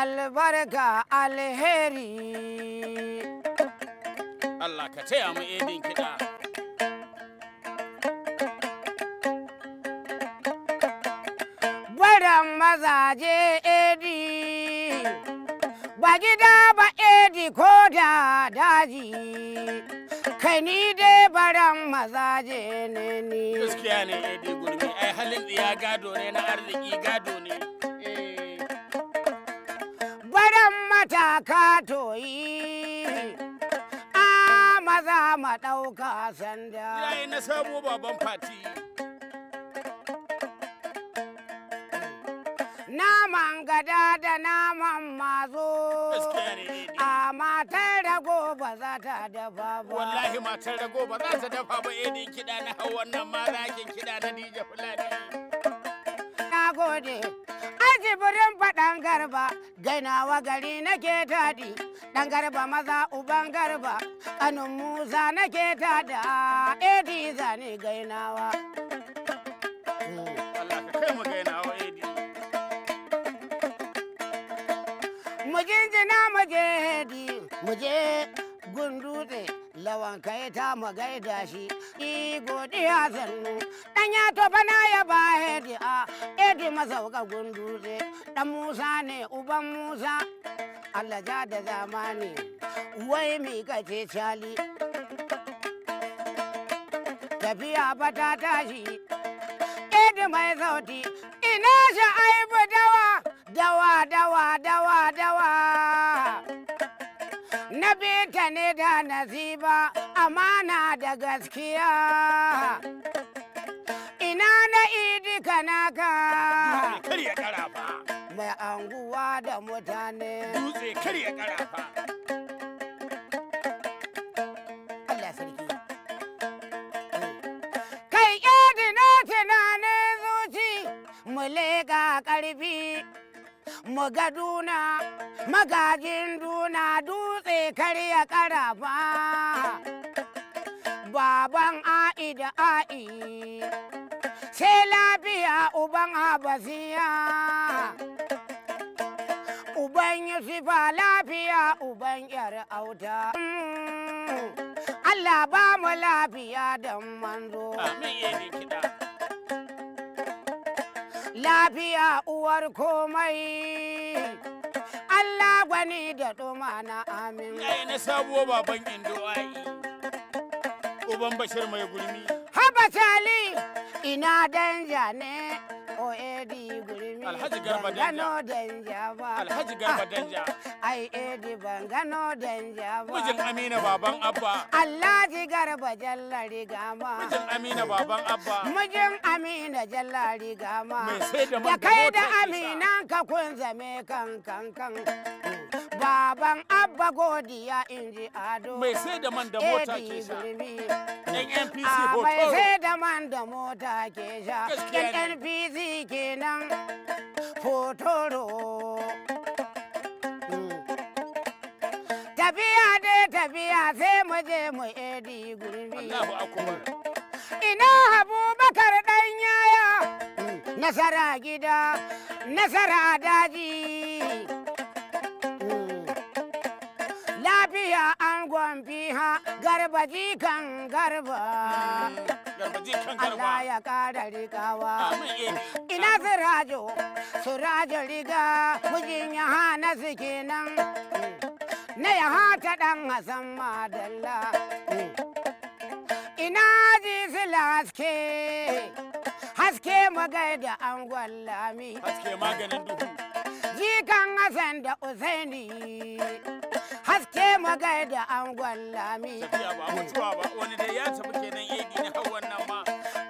albarka alheri Allah ka taya mu edin kiɗa baran mazaje edi ba gida ba edi ko da daji kai ni dai baran mazaje ne ni gaskiya ne edi gurbi ai halin ya gado ne na arziki gado ne ta ka toyi a maza ma ɗauka sanda yayi na samu baban fati naman gada da naman mazo a matar rago ba za ta dafa ba wallahi matar rago ba za ta dafa ba edin kiɗa na hawan nan ma zakin kiɗa na dija fulani na gode jibirin faɗan garba gainawa gari nake daɗi ɗan garba maza uban garba ƙanin musa nake daɗa edi zane gainawa. Hmm. mujin jina mu muje hedi gun dutse lawan kai ta mu gaida shi i godiya sannu dan ya to bana ya ba hedi a edi mazauka gun dutse dan Musa ne uban Musa Allah ja da zamani wai mi kace cali tafiya bata tashi edi mai sauti ina aibu dawa dawa dawa dawa na ta ne da naziba amana da gaskiya ina na idi kanaka mai anguwa da mutane dutse karya karafa duna magajin duna dutse karya karafa baban a'i da a'i sai lafiya uban abasiya uban yusufa lafiya uban yar auta mm, Allah ba mu lafiya don manzo. Amin kiɗa. lafiya uwar komai Allah gwani da na amin ai na sabuwa baban indo ai uban bashir mai gurmi haba tali ina danja ne o edi gurmi alhaji garba danja danja ba alhaji garba danja ai edi ban gano danja ba mijin amina baban abba alhaji garba jallari gama mijin amina baban abba mijin amina jallari gama da kai da amina ka kun zame kan kan kan baban abba godiya inji ado mai ah, sai da man da mota ke sha yan npc hoto mai sai da man da mota ke sha npc kenan hotoro hmm. tafiya dai tafiya sai mu je mu edi gurbi ina abubakar dan yaya hmm. nasara gida nasara daji kan fiha garba jikan garba Allah ya kada rigawa eh. ina sirajo sirajo riga mujin ya hana su nan? na ya hata dan hasan madalla ina ji silaske? haske magai da an gwallami haske maganin duhu kan hasan da usaini haske magai da angon lami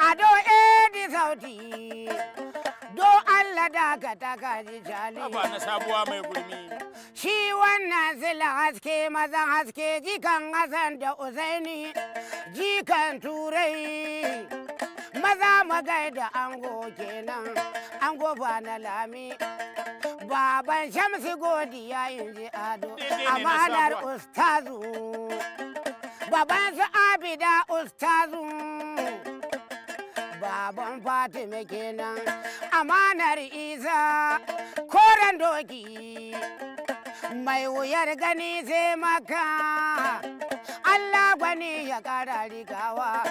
ado edi sauti do Allah da ka ta ji jali ba na sabuwa mai gurmi shi wannan zila haske mazan haske jikan Hassan da Usaini jikan Turai maza magai da ango kenan ango ba na lami baban shamsi godiya in ji ado amanar ustazu baban su abida ustazu baban fatima kenan amanar isa koren doki mai wuyar gani sai maka Allah gwani ya kara rigawa.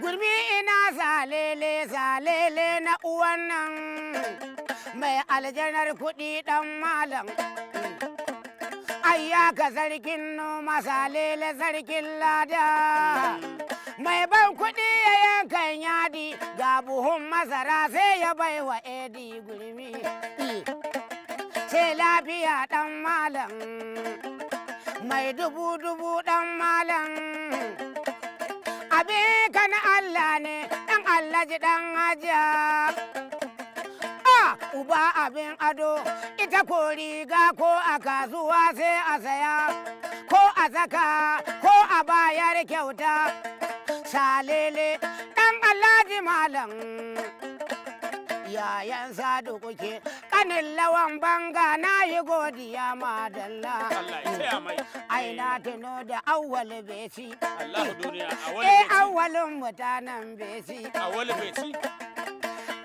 Gurbi ina zalele zalele na uwan nan mai aljanar kuɗi ɗan malam. Ayya ga zargin noma zalele zargin lada. Mai ban kuɗi ya yankan yadi ga buhun mazara sai ya bai wa edi gurmi. Sai lafiya ɗan malam. mai dubu dubu dan malam abin ka na Allah ne dan Allah ji dan ah uba abin ado ita ko riga ko a kasuwa sai a saya ko a zaka ko a bayar kyauta salele dan Allah ji malam yayan sadu kuke kanin lawan banga na yi godiya ma dalla ai na tuno da awwal beci eh awwalin mutanen beci awwal beci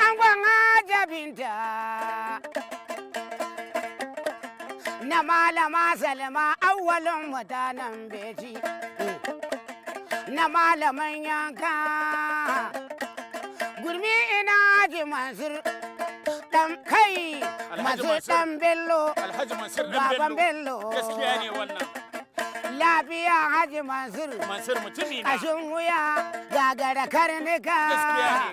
an gwan ajabinta na malama salma awwalin mutanen beci na malaman yanka gurmi ina ji mansur dan kai masu dan bello baban bello gaskiya ne wannan lafiya haji mansur mansur mutumi na ashin wuya gagara karnika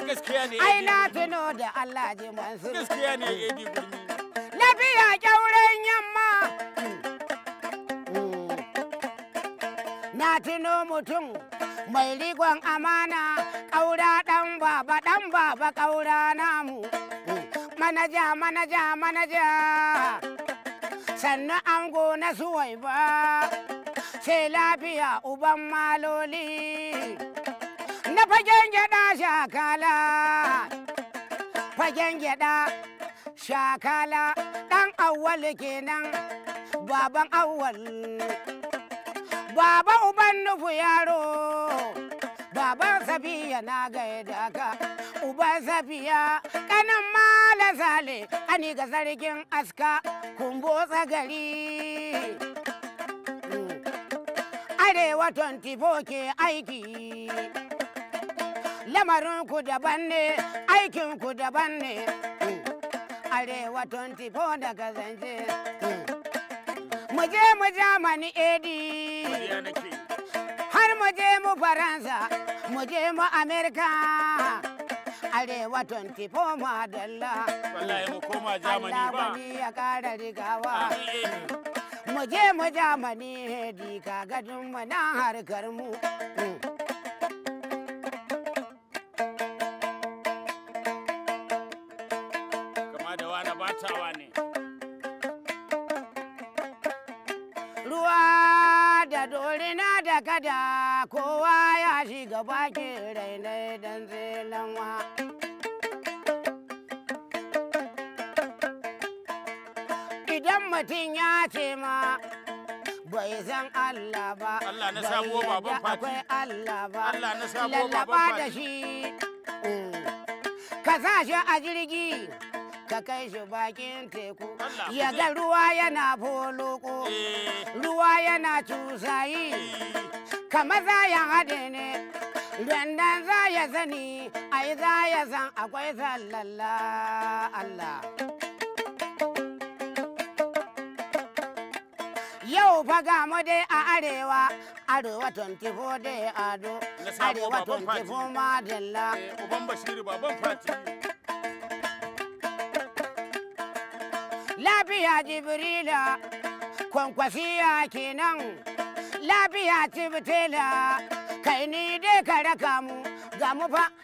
gaskiya ne ai na tuno da Allah ji mansur gaskiya ne yayi gurmi lafiya kyauren yamma na tuno mutum mai rigon amana ƙaura ɗan baba ɗan baba ƙaura namu manaja manaja manaja sannu ango na suwai ba sai lafiya uban maloli na fagen gyaɗa shakala fagen gyaɗa shakala ɗan awwal kenan baban awwal Baba uban nufu yaro, baban safiya na gaida ka, uban safiya kanin mala zale, ani ga zargin aska kumbo tsagari. Arewa 24 ke aiki, lamarin ku daban ne, aikin ku daban ne. Arewa 24 daga zanje muje je mu Jamani edi. har mu je mu faransa mu je mu amerika arewa 24 madalla wallahi mu koma jamani ba Allah ya kara rigawa mu je mu jamani di ka kagadin mu na harkar mu kama da wani batawa ne da dorina da kada kowa ya shiga bakin rainai dan zilanwa. Idan mutum ya ce ma bai san Allah ba, Allah na sabo baban akwai Allah ba, Allah na sabo baban da shi, mm. ka sa shi a jirgi. ka kai shi bakin teku ya ga ruwa yana foloko eh. ruwa yana tusayi eh. kamar za ya haɗe ne randan za ya zani ai za ya zan akwai sallalla Allah yau fa ga dai a arewa arewa 24 dai ado arewa 24 madalla uban bashiri baban fati lafiya jibrila kwankwasiya kenan lafiya tibitela kai ni dai ka raka mu ga mu fa